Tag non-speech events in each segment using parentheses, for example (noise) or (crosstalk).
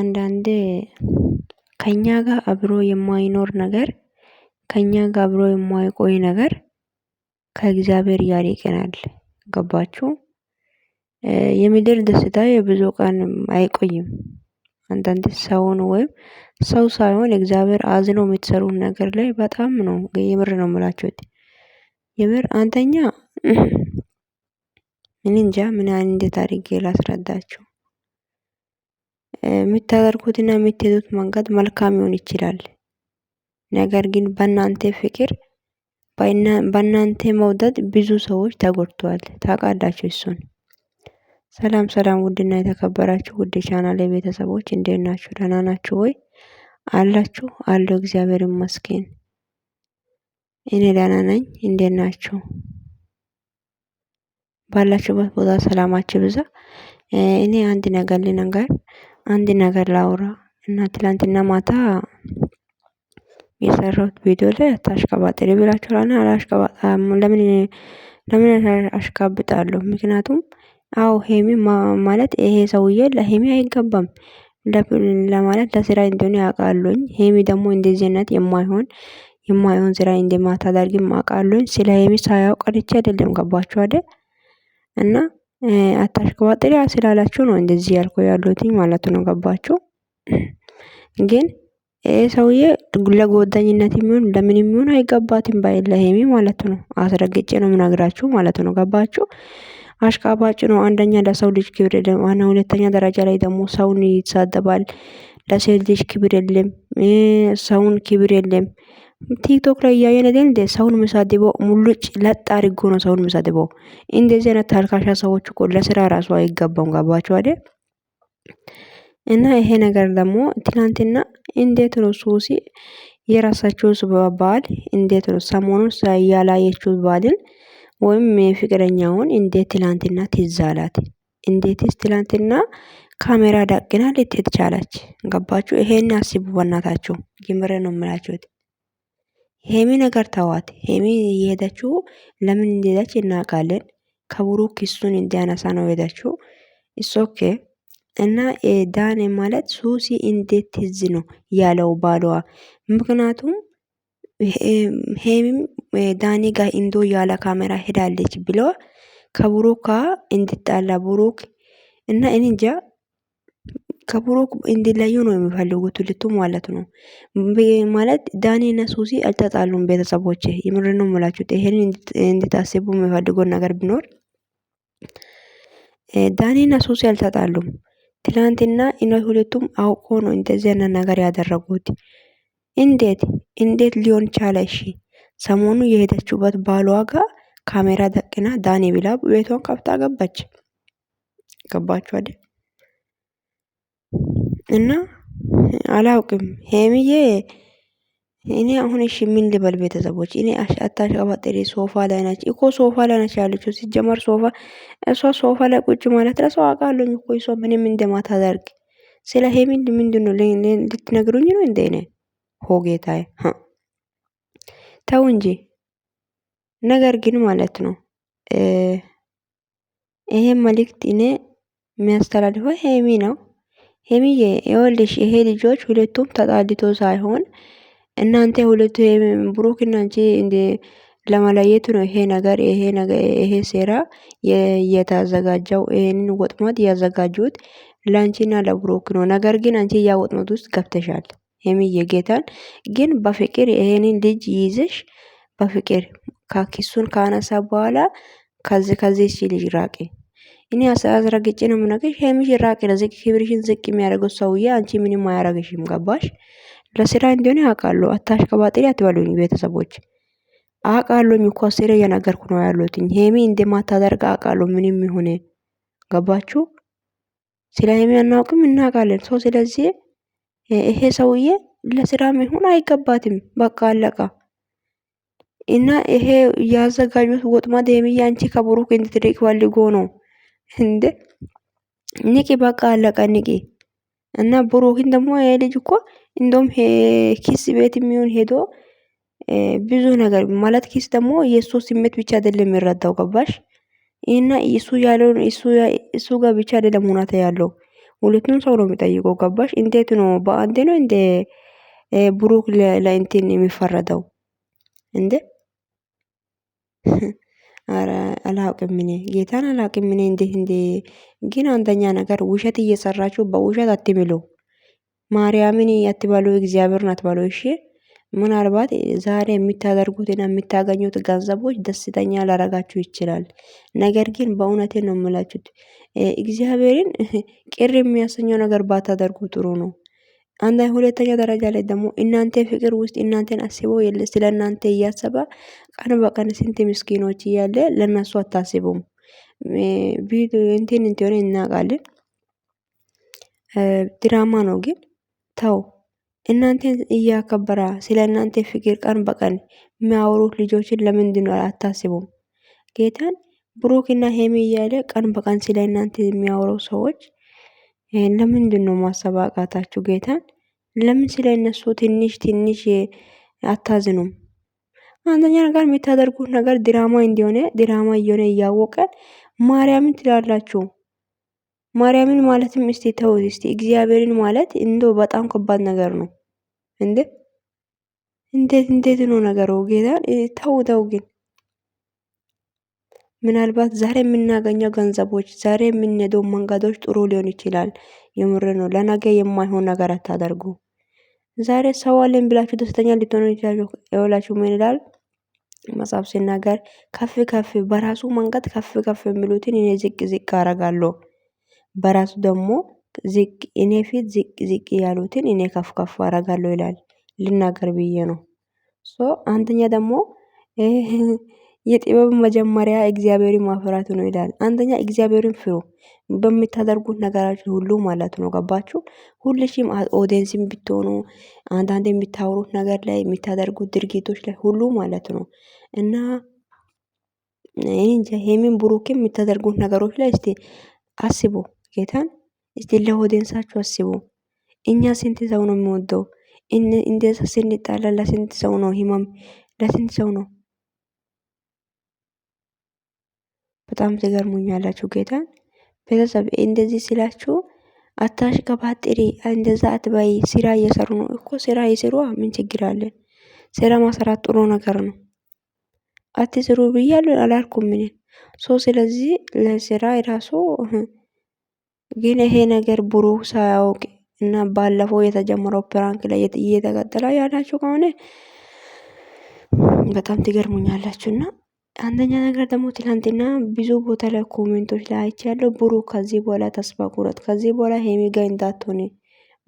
አንዳንድ ከኛ ጋር አብሮ የማይኖር ነገር ከኛ ጋር አብሮ የማይቆይ ነገር ከእግዚአብሔር ያርቀናል። ገባችሁ? የምድር ደስታ የብዙ ቀን አይቆይም። አንዳንድ ሰውን ወይም ሰው ሳይሆን እግዚአብሔር አዝኖ የምትሰሩት ነገር ላይ በጣም ነው የምር ነው የምላችሁ። የምር አንተኛ ምን እንጃ ምን እንዴት አድርጌ ላስረዳችሁ የምታደርጉትና የምትሄዱት መንገድ መልካም ሊሆን ይችላል። ነገር ግን በእናንተ ፍቅር በእናንተ መውደድ ብዙ ሰዎች ተጎድተዋል። ታውቃላችሁ እሱን። ሰላም ሰላም፣ ውድና የተከበራችሁ ውድ ላይ ቤተሰቦች እንዴት ናችሁ? ደህና ናችሁ ወይ? አላችሁ አለው። እግዚአብሔር ይመስገን እኔ ደህና ነኝ። እንዴት ናችሁ? ባላችሁበት ቦታ ሰላማችሁ ብዛ። እኔ አንድ ነገር ልነገር አንድ ነገር ላውራ እና ትላንትና ማታ የሰራሁት ቪዲዮ ላይ አታሽቀባጥሪ ብላችኋልና አላሽቀባጣም። ለምን ለምን አሽቃብጣለሁ? ምክንያቱም አው ሄሚ ማለት ይሄ ሰውዬ ለሄሚ አይገባም ለማለት ለስራ እንደሆነ ያውቃሉኝ። ሄሚ ደግሞ እንደዚህ አይነት የማይሆን የማይሆን ስራ እንደማታደርግም አውቃሉኝ። ስለ ሄሚ ሳያውቅ ቀርቼ አይደለም። ገባችሁ አይደል? እና አታሽቀባጥሪ ስላላችሁ ነው እንደዚህ ያልኩ ያሉትኝ ማለት ነው። ገባችሁ? ግን ይሄ ሰውዬ ለጎደኝነት የሚሆን ለምን የሚሆን አይገባትም ባይ ለሄሚ ማለት ነው። አስረግጬ ነው ምናግራችሁ ማለት ነው። ገባችሁ? አሽቃባጭ ነው። አንደኛ ለሰው ልጅ ክብር የለም። ዋና ሁለተኛ ደረጃ ላይ ደግሞ ሰውን ይሳደባል። ለሴት ልጅ ክብር የለም። ሰውን ክብር የለም። ቲክቶክ ላይ እያየን አይደል እንደ ሰውን ምሳድቦ ሙሉጭ ለጥ አድርጎ ነው ሰውን ምሳድቦ። እንደዚህ አይነት ታልካሻ ሰዎች እኮ ለስራ ራሱ አይገባም። ገባችሁ አደ እና ይሄ ነገር ደግሞ ትናንትና እንዴት ነው ሱሲ የራሳችሁስ በባል እንዴት ነው ሰሞኑን ያላየችሁ ባልን ወይም ፍቅረኛውን እንዴት ትላንትና ትዛላት? አላት? እንዴትስ ትላንትና ካሜራ ዳቅና ልትሄድ ቻለች? ገባችሁ? ይሄን አስቡ በናታችሁ። ጊምረ ነው የምላችሁት። ሄሚ ነገር ተዋት። ሄሚ የሄደችው ለምን እንደሄደች እናውቃለን። ከቡሩክ እሱን እንዲያነሳ ነው ሄደችው። እሶኬ እና ዳኔ ማለት ሱሲ እንዴት ትዝ ነው ያለው ባሏ። ምክንያቱም ሄሚም ዳኔ ጋር እንዶ ያለ ካሜራ ሄዳለች ብሎ ከቡሩክ እንድጣላ ብሩክ እና እንጃ ከብሩክ እንዲለዩ ነው የሚፈልጉት ሁለቱም ማለት ነው። ማለት እና ሱሲ አልተጣሉም። ቤተሰቦች የምር ነው የምላችሁት። ይሄን እንድታስቡ የሚፈልገው ነገር ቢኖር እና ሱሲ አልተጣሉም። ትላንትና እነ ሁለቱም አውቆ ነው እንደዚህ አይነት ነገር ያደረጉት። እንዴት እንዴት ሊሆን ቻለ? እሺ ሰሞኑ የሄደችበት ባሏ ጋር ካሜራ ደቅና ዳኒ ብላ ቤቷን ከፍታ ገባች። ገባችሁ አይደል? እና አላውቅም ሄምዬ እኔ አሁን እሺ ምን ልበል ቤተሰቦች እኔ አታሽቀባጥሪ ሶፋ ላይ ናች እኮ ሶፋ ላይ ናች ያለችው ሲጀመር ሶፋ እሷ ሶፋ ላይ ቁጭ ማለት ለሰው አውቃለሁ እኮ እሷ ምንም እንደማታደርግ ስለ ሄሚን ሄሚ ነው ልትነግሩኝ ነው እንደ ነ ሆጌታ ተው እንጂ ነገር ግን ማለት ነው ይሄ መልእክት እኔ የሚያስተላልፈው ሄሚ ነው ሄሚዬ ይኸውልሽ ይሄ ልጆች ሁለቱም ተጣልቶ ሳይሆን እናንተ ሁለቱ ብሩክና አንቺ እንደ ለመለየቱ ነው። ይሄ ነገር ይሄ ነገር ይሄ ሴራ የታዘጋጀው ይሄንን ወጥመት ያዘጋጁት ላንቺና ለብሩክ ነው። ነገር ግን አንቺ ያ ወጥመት ውስጥ ገብተሻል። ሄሚዬ ጌታን ግን በፍቅር ይሄንን ልጅ ይይዝሽ በፍቅር ካኪሱን ካነሳ በኋላ ከዚህ ከዚህ ልጅ ራቂ። እኔ አስረግጬ ነው የምነግርሽ ሄምሽ ራቅ ለዝቅ ክብርሽን ዝቅ የሚያደርገው ሰውዬ አንቺ ምንም አያረግሽም። ገባሽ? ለስራ እንዲሆነ አውቃለሁ። አታሽቀባጥሪ አትበሉኝ ቤተሰቦች። አውቃለሁ እኮ አስሬ እየነገርኩ ነው ያሉት። ሄሚ እንደማታደርግ አውቃለሁ። ምንም ይሁን ገባችሁ? ስለ ሄሚ አናውቅም፣ እናውቃለን። ሰው ስለዚህ ይሄ ሰውዬ ለስራ መሆን አይገባትም። በቃ አለቃ እና ይሄ ያዘጋጁት ወጥመድ ሄሚዬ አንቺ ከብሩክ እንድትርቂ ፈልጎ ነው። እንደ ንቂ በቃ አለቀ ንቂ። እና ብሩክን ደግሞ ይሄ ልጅ እኮ እንደውም ኪስ ቤት የሚሆን ሄዶ ብዙ ነገር ማለት ኪስ ደግሞ የእሱ ስሜት ብቻ አይደለም የሚረዳው ገባሽ? እና እሱ ያለውን እሱ ጋር ብቻ አይደለም ሁናተ ያለው ሁለቱም ሰው ነው የሚጠይቀው ገባሽ? እንዴት ነው በአንድ ነው እንደ ብሩክ ለእንትን የሚፈረደው እንዴ? አረ አላውቅም እኔ ጌታን አላውቅም እኔ እንዴት እንዴ! ግን አንደኛ ነገር ውሸት እየሰራችሁ በውሸት አትምሉ። ማርያምን አትበሉ እግዚአብሔርን አትበሉ እሺ። ምናልባት ዛሬ የምታደርጉትና የምታገኙት ገንዘቦች ደስተኛ ላረጋችሁ ይችላል። ነገር ግን በእውነቴ ነው የምላችሁት እግዚአብሔርን ቅር የሚያሰኘው ነገር ባታደርጉ ጥሩ ነው አንድ ሁለተኛ ደረጃ ላይ ደግሞ እናንተ ፍቅር ውስጥ እናንተን አስቦ የለ ስለ እናንተ እያሰበ ቀን በቀን ስንት ምስኪኖች እያለ ለእነሱ አታስቡም። እንትን እንትን እናቃለን። ድራማ ነው ግን ተው። እናንተን እያከበረ ስለ እናንተ ፍቅር ቀን በቀን የሚያወሩት ልጆችን ለምንድን አታስቡም? ጌታን እና ሄሚ እያለ ቀን በቀን ስለ እናንተ የሚያወሩ ሰዎች ለምንድን ነው ማሰብ አቃታችሁ ጌታን? ለምን ስለ እነሱ ትንሽ ትንሽ አታዝኑም? አንደኛ ነገር የምታደርጉት ነገር ድራማ እንዲሆነ ድራማ እየሆነ እያወቀን ማርያምን ትላላችሁ። ማርያምን ማለትም እስቲ ተውት፣ እስቲ እግዚአብሔርን ማለት እንዶ በጣም ከባድ ነገር ነው እንዴ! እንዴት እንዴት ነው ነገሩ? ጌታን ተው ተው ግን ምናልባት ዛሬ የምናገኘው ገንዘቦች፣ ዛሬ የምንሄደው መንገዶች ጥሩ ሊሆን ይችላል። የምር ነው። ለነገ የማይሆን ነገር አታደርጉ። ዛሬ ሰው ብላችሁ ደስተኛ ልትሆኑ ይችላሉ። የወላችሁ ምን ይላል መጽሐፍ ሲናገር ከፍ ከፍ በራሱ መንገድ ከፍ ከፍ የሚሉትን እኔ ዝቅ ዝቅ አረጋለሁ፣ በራሱ ደግሞ ዝቅ እኔ ፊት ዝቅ ዝቅ ያሉትን እኔ ከፍ ከፍ አረጋለሁ ይላል። ልናገር ብዬ ነው። ሶ አንደኛ ደግሞ የጥበብ መጀመሪያ እግዚአብሔርን ማፍራት ነው ይላል። አንደኛ እግዚአብሔርን ፍሩ በምታደርጉት ነገራች ሁሉ ማለት ነው። ገባችሁ? ሁልሽም ኦዲየንስም ብትሆኑ አንዳንድ የሚታወሩት ነገር ላይ የሚታደርጉት ድርጊቶች ላይ ሁሉ ማለት ነው እና እንጃ ሄሚን ብሩክም የሚታደርጉት ነገሮች ላይ እስቲ አስቡ። ጌታን እስቲ ለኦዲየንሳችሁ አስቡ። እኛ ስንት ሰው ነው የሚወደው? እንደዛ ስንጣላ ለስንት ሰው ነው ህመም ለስንት ሰው ነው በጣም ትገርሙኛላችሁ ጌታን ቤተሰብ እንደዚህ ስላችሁ አታሽ ከባጥሪ እንደዛ አትባይ። ስራ እየሰሩ ነው እኮ ስራ ይስሩ። ምን ችግር አለ? ስራ ማሰራት ጥሩ ነገር ነው። አትስሩ ብያሉ አላልኩም ምን ሶ ስለዚህ ለስራ የራሱ ግን ይሄ ነገር ብሩህ ሳያውቅ እና ባለፈው የተጀመረው ፕራንክ ላይ እየተቀጠለ ያላችሁ ከሆነ በጣም ትገርሙኛላችሁና አንደኛ ነገር ደግሞ ትላንትና ብዙ ቦታ ላይ ኮሜንቶች ላይ አይቼ ያለው ብሩ ከዚህ በኋላ ተስፋ ቁረጥ፣ ከዚህ በኋላ ሄሚ ጋ እንዳትሆን፣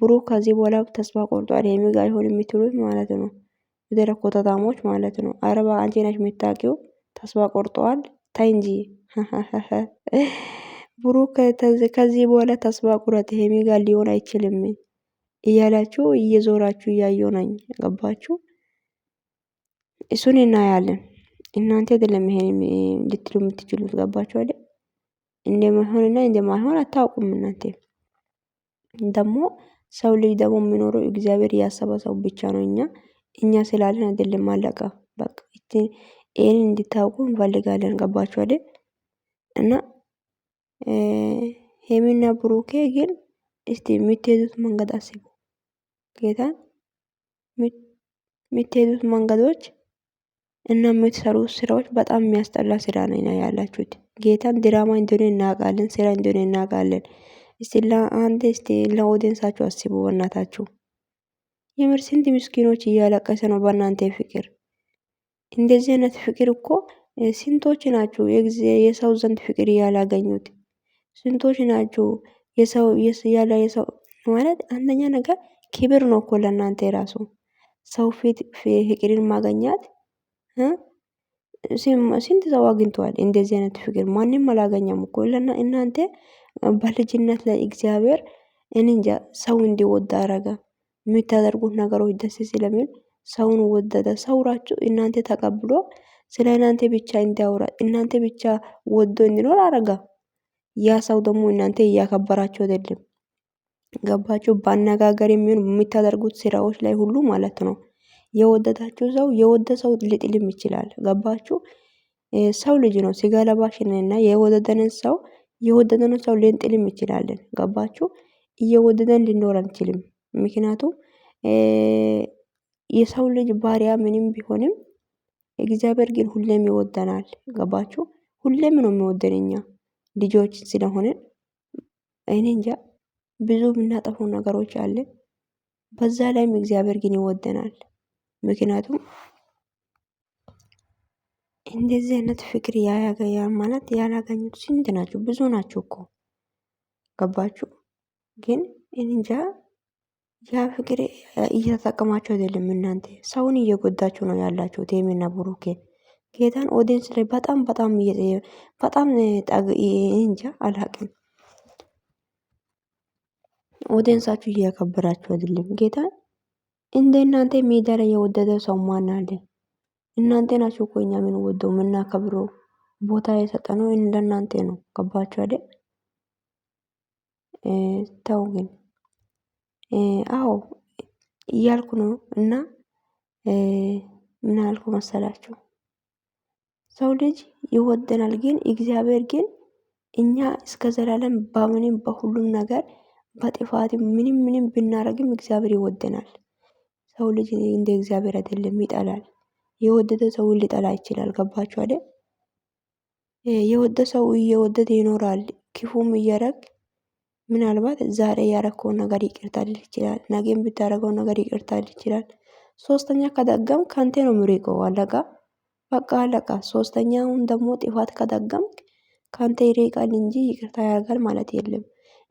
ብሩ ከዚህ በኋላ ተስፋ ቆርጧል፣ ሄሚ ጋ ይሆን የሚትሉት ማለት ነው። ምድረ ኮተታሞች ማለት ነው። አረባ አንቺ ነሽ ተስፋ ቆርጠዋል። ታይ እንጂ (laughs) ብሩ ከዚህ በኋላ ተስፋ ቁረጥ፣ ሄሚ ጋ ሊሆን አይችልም እያላችሁ እየዞራችሁ እያየው ነኝ። ገባችሁ? እሱን እናያለን። እናንተ አይደለም ይሄን ልትሉ የምትችሉት ገባችሁ አይደል? እንደማይሆንና እንደማይሆን አታውቁም እናንተ። ደግሞ ሰው ልጅ ደግሞ የሚኖረው እግዚአብሔር ያሰበ ሰው ብቻ ነው። እኛ እኛ ስላለን አይደለም አለቀ በቃ። ይሄን እንድታውቁ እንፈልጋለን። ገባችሁ አይደል? እና ሄሚና ብሩኬ ግን እስቲ የምትሄዱት መንገድ አስቡ። ጌታን የምትሄዱት መንገዶች እና የምትሰሩ ስራዎች በጣም የሚያስጠላ ስራ ነው ያላችሁት። ጌታን ድራማ እንደሆነ እናውቃለን፣ ስራ እንደሆነ እናውቃለን። እስቲ ለአንድ እስቲ ለኦዲንሳችሁ አስቡ በእናታችሁ። የምር ስንት ምስኪኖች እያለቀሰ ነው በእናንተ ፍቅር። እንደዚህ አይነት ፍቅር እኮ ስንቶች ናችሁ የሰው ዘንድ ፍቅር ያላገኙት? ስንቶች ናችሁ የሰው ያለ የሰው ማለት አንደኛ ነገር ክብር ነው እኮ ለእናንተ የራሱ ሰው ፊት ፍቅርን ማገኛት ስንት ሰው አግኝተዋል እንደዚህ አይነት ፍቅር ማንም አላገኘም እኮ እናንተ በልጅነት ላይ እግዚአብሔር እንንጃ ሰው እንዲወድ አረገ። የምታደርጉት ነገሮች ደስ ስለሚል ሰውን ወደደ። ሰው ራሱ እናንተ ተቀብሎ ስለ እናንተ ብቻ እንዲያውራ እናንተ ብቻ ወዶ እንዲኖር አረጋ። ያ ሰው ደግሞ እናንተ እያከበራችሁ አይደለም። ገባችሁ? በአነጋገር የሚሆን የምታደርጉት ስራዎች ላይ ሁሉ ማለት ነው የወደዳችሁ ሰው የወደ ሰው ሊጥልም ይችላል። ገባችሁ? ሰው ልጅ ነው ሲገለባሽን እና የወደደንን ሰው የወደደንን ሰው ልንጥልም ይችላለን። ገባችሁ? እየወደደን ልንኖር አንችልም። ምክንያቱም የሰው ልጅ ባሪያ ምንም ቢሆንም እግዚአብሔር ግን ሁሌም ይወደናል። ገባችሁ? ሁሌም ነው የሚወደን እኛ ልጆች ስለሆንን። እኔ እንጃ ብዙ የምናጠፉ ነገሮች አለ። በዛ ላይም እግዚአብሔር ግን ይወደናል ምክንያቱም እንደዚህ አይነት ፍቅር ያያገያ ማለት ያላገኙት ስንት ናቸው? ብዙ ናቸው እኮ ገባችሁ? ግን እንጃ ያ ፍቅር እየተጠቀማቸው አይደለም። እናንተ ሰውን እየጎዳችሁ ነው ያላችሁ። ቴሜና ብሩኬ ጌታን ኦዲንስ ላይ በጣም በጣም በጣም እንጃ አላቅም። ኦዲንሳችሁ እያከበራችሁ አይደለም ጌታን እንደ እናንተ ሜዳ ላይ የወደደ ሰው ማን አለ? እናንተ ናችሁ እኮ እኛ ምን ወደው የምናከብረው ቦታ እንደ እናንተ ነው። ገባችሁ አይደል? ተው ግን አዎ እያልኩ ነው። እና ምን አልኩ መሰላችሁ? ሰው ልጅ ይወደናል፣ ግን እግዚአብሔር ግን እኛ እስከ ዘላለም በምንም በሁሉም ነገር በጥፋት ምንም ምንም ብናረግም እግዚአብሔር ይወደናል። ሰው ልጅ እንደ እግዚአብሔር አይደለም ይጠላል። የወደደ ሰው ሊጠላ ይችላል። ገባችሁ አይደል? የወደደ ሰው እየወደደ ይኖራል ክፉም እያረግ ምናልባት ዛሬ ያረከውን ነገር ይቅርታ ሊል ይችላል። ነገም ብታረገው ነገር ይቅርታ ሊል ይችላል። ሶስተኛ ከደገም ካንተ ነው ምሪቆ አለቃ በቃ አለቃ። ሶስተኛውን ደግሞ ጥፋት ከደገም ካንተ ይሬቃል እንጂ ይቅርታ ያደርጋል ማለት የለም።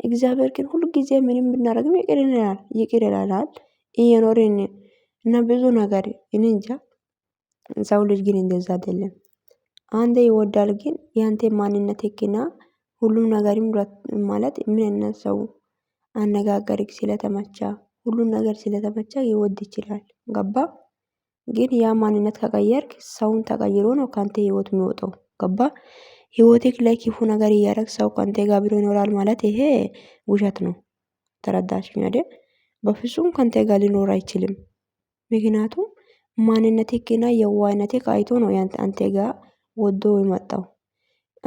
እግዚአብሔር ግን ሁል ጊዜ ምንም ብናረግም ይቅር ይላል ይቅር ይለናል እየኖር እና ብዙ ነገር እኔ እንጃ ሰው ልጅ ግን እንደዛ አይደለም። አንተ ይወዳል ግን ያንተ ማንነት ማንነትህና ሁሉም ነገርም ማለት ምን አይነት ሰው አነጋገርክ ስለተመቸ ሁሉም ነገር ስለተመቸ ይወድ ይችላል ገባ ግን ያ ማንነት ከቀየርክ ሰውን ተቀይሮ ነው ካንተ ህይወት የሚወጣው ገባ ህይወትክ ላይ ክፉ ነገር እያረክ ሰው ካንተ ጋር አብሮ ይኖራል ማለት ይሄ ውሸት ነው። ተረዳችሁኝ አይደል? በፍጹም ከንተ ጋር ሊኖር አይችልም። ምክንያቱም ማንነቴክና የዋህነቴክ አይቶ ነው አንተ ጋር ወዶ የመጣው።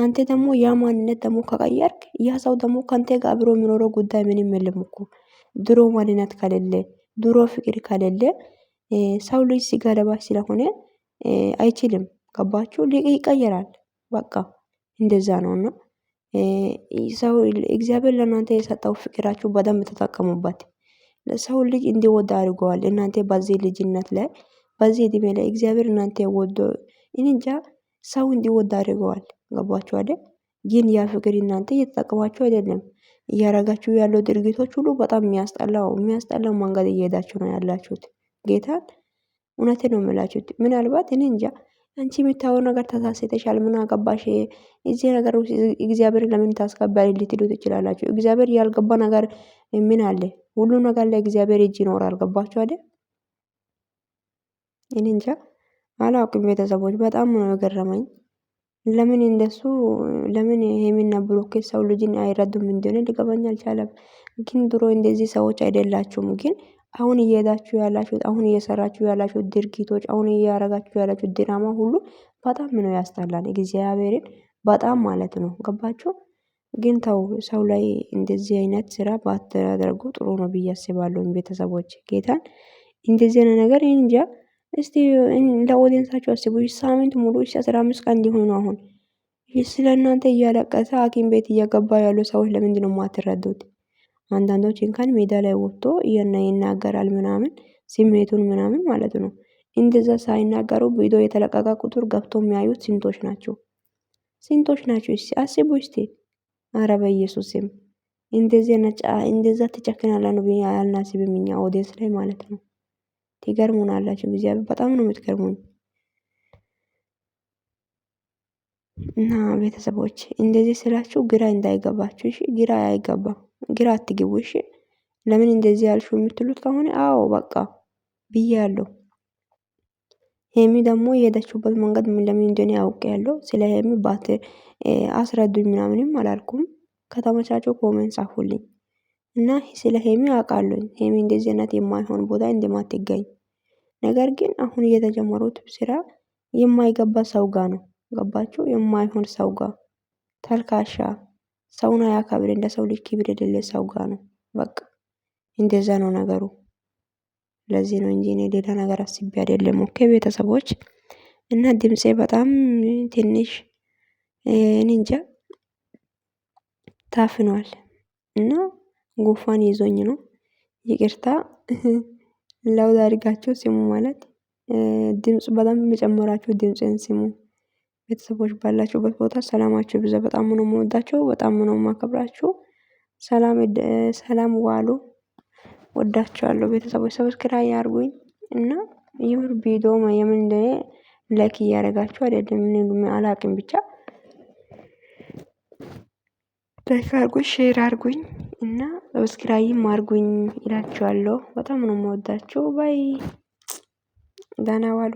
አንተ ደግሞ ያ ማንነት ደግሞ ከቀየርክ ያ ሰው ደግሞ ካንተ ጋር አብሮ የሚኖረው ጉዳይ ምንም የለም እኮ። ድሮ ማንነት ከሌለ ድሮ ፍቅር ከሌለ ሰው ልጅ ሲገለባ ስለሆነ አይችልም። ገባችሁ? ይቀየራል። በቃ እንደዛ ነው። እና ሰው እግዚአብሔር ለእናንተ የሰጠው ፍቅራችሁ በደንብ ተጠቀሙበት ሰው ልጅ እንዲወድ አድርገዋል እናንተ በዚህ ልጅነት ላይ በዚህ እድሜ ላይ እግዚአብሔር እናንተ ወዶ እኔንጃ ሰው እንዲወድ አድርገዋል። ገባችሁ አይደል? ግን ያ ፍቅር እናንተ እየተጠቀማችሁ አይደለም። እያረጋችሁ ያለው ድርጊቶች ሁሉ በጣም የሚያስጠላው የሚያስጠላው መንገድ እየሄዳችሁ ነው ያላችሁት። ጌታ እውነቴ ነው የምላችሁት ምናልባት እኔ እንጃ አንቺ የምታየው ነገር ተሳስተሻል፣ ምን አገባሽ? እዚህ ነገር ውስጥ እግዚአብሔር ለምን ታስገባል ልትሉ ትችላላችሁ። እግዚአብሔር ያልገባ ነገር ምን አለ? ሁሉ ነገር ለእግዚአብሔር እጅ ይኖራል። አልገባችሁ አይደል? እኔ እንጃ አላውቅም። ቤተሰቦች በጣም ነው የገረመኝ። ለምን እንደሱ ለምን ሀይሚና ብሩክ ሰው ልጅን አይረዱም እንደሆነ ሊገባኝ አልቻለም። ግን ድሮ እንደዚህ ሰዎች አይደላችሁም ግን አሁን እየሄዳችሁ ያላችሁት አሁን እየሰራችሁ ያላችሁት ድርጊቶች አሁን እያረጋችሁ ያላችሁት ድራማ ሁሉ በጣም ነው ያስጠላል። እግዚአብሔርን በጣም ማለት ነው ገባችሁ። ግን ተው ሰው ላይ እንደዚህ አይነት ስራ ባታደርጉ ጥሩ ነው ብዬ አስባለሁ። ቤተሰቦች ጌታን እንደዚህ አይነት ነገር እንጃ። እስቲ ለኦዲየንሳችሁ አስቡ። ሳምንት ሙሉ አስራ አምስት ቀን እንዲሆኑ አሁን ስለ እናንተ እያለቀሰ ሐኪም ቤት እየገባ ያሉ ሰዎች ለምንድነው ማትረዱት? አንዳንዶች እንኳን ሜዳ ላይ ወጥቶ እየና ይናገራል ምናምን ስሜቱን ምናምን ማለት ነው። እንደዛ ሳይናገሩ ቪዲዮ የተለቀቀ ቁጥር ገብቶ የሚያዩት ስንቶች ናቸው? ስንቶች ናቸው? እስቲ አስቡ እስቲ። አረ በኢየሱስ እንደዚህ ነጫ እንደዛ ትጨክናለህ ነው ብዬ አላስብም። እኛ ኦዲየንስ ላይ ማለት ነው። ትገርሙናላችሁ። እግዚአብሔር በጣም ነው የምትገርሙኝ። እና ቤተሰቦች እንደዚህ ስላችሁ ግራ እንዳይገባችሁ እሺ። ግራ አይገባም። ግራ አትግቡ እሺ። ለምን እንደዚህ ያልሹ የምትሉት ከሆነ አዎ በቃ ብዬ ያለው ሄሚ ደግሞ የሄደችበት መንገድ ለምን እንደሆነ ያለው ስለ ሄሚ ባት አስረዱኝ ምናምንም አላልኩም። ከተመቻቸው ኮመንት ጻፉልኝ። እና ስለ ሄሚ አውቃለሁ ሄሚ እንደዚህ አይነት የማይሆን ቦታ እንደማትገኝ ነገር ግን አሁን የተጀመሩት ስራ የማይገባ ሰው ጋ ነው ገባችሁ? የማይሆን ሰው ጋ ተልካሻ ሰውን አያከብር እንደ ሰው ልጅ ክብር የሌለ ሰው ጋር ነው። በቃ እንደዛ ነው ነገሩ። ለዚህ ነው እንጂ እኔ ሌላ ነገር አስቤ አይደለም። ኦኬ ቤተሰቦች እና ድምፄ በጣም ትንሽ እኔ እንጃ ታፍኗል እና ጉፋን ይዞኝ ነው። ይቅርታ ላውድ (laughs) አድርጋችሁ ስሙ ማለት ድምፁ በጣም መጨመራችሁ ድምፅን ስሙ። ቤተሰቦች ባላችሁበት ቦታ ሰላማችሁ ብዛ። በጣም ነው የምወዳቸው፣ በጣም ነው የማከብራችሁ። ሰላም ዋሉ። ወዳችኋለሁ ቤተሰቦች። ሰብስክራይብ ያድርጉኝ እና የምር ቪዲዮ የምን እንደሆነ ላይክ እያደረጋችሁ አይደለም፣ ምን አላቅም ብቻ ላይክ አድርጉኝ፣ ሼር አድርጉኝ እና ሰብስክራይብ አድርጉኝ እላችኋለሁ። በጣም ነው የምወዳችሁ። ባይ ዳና ዋሉ።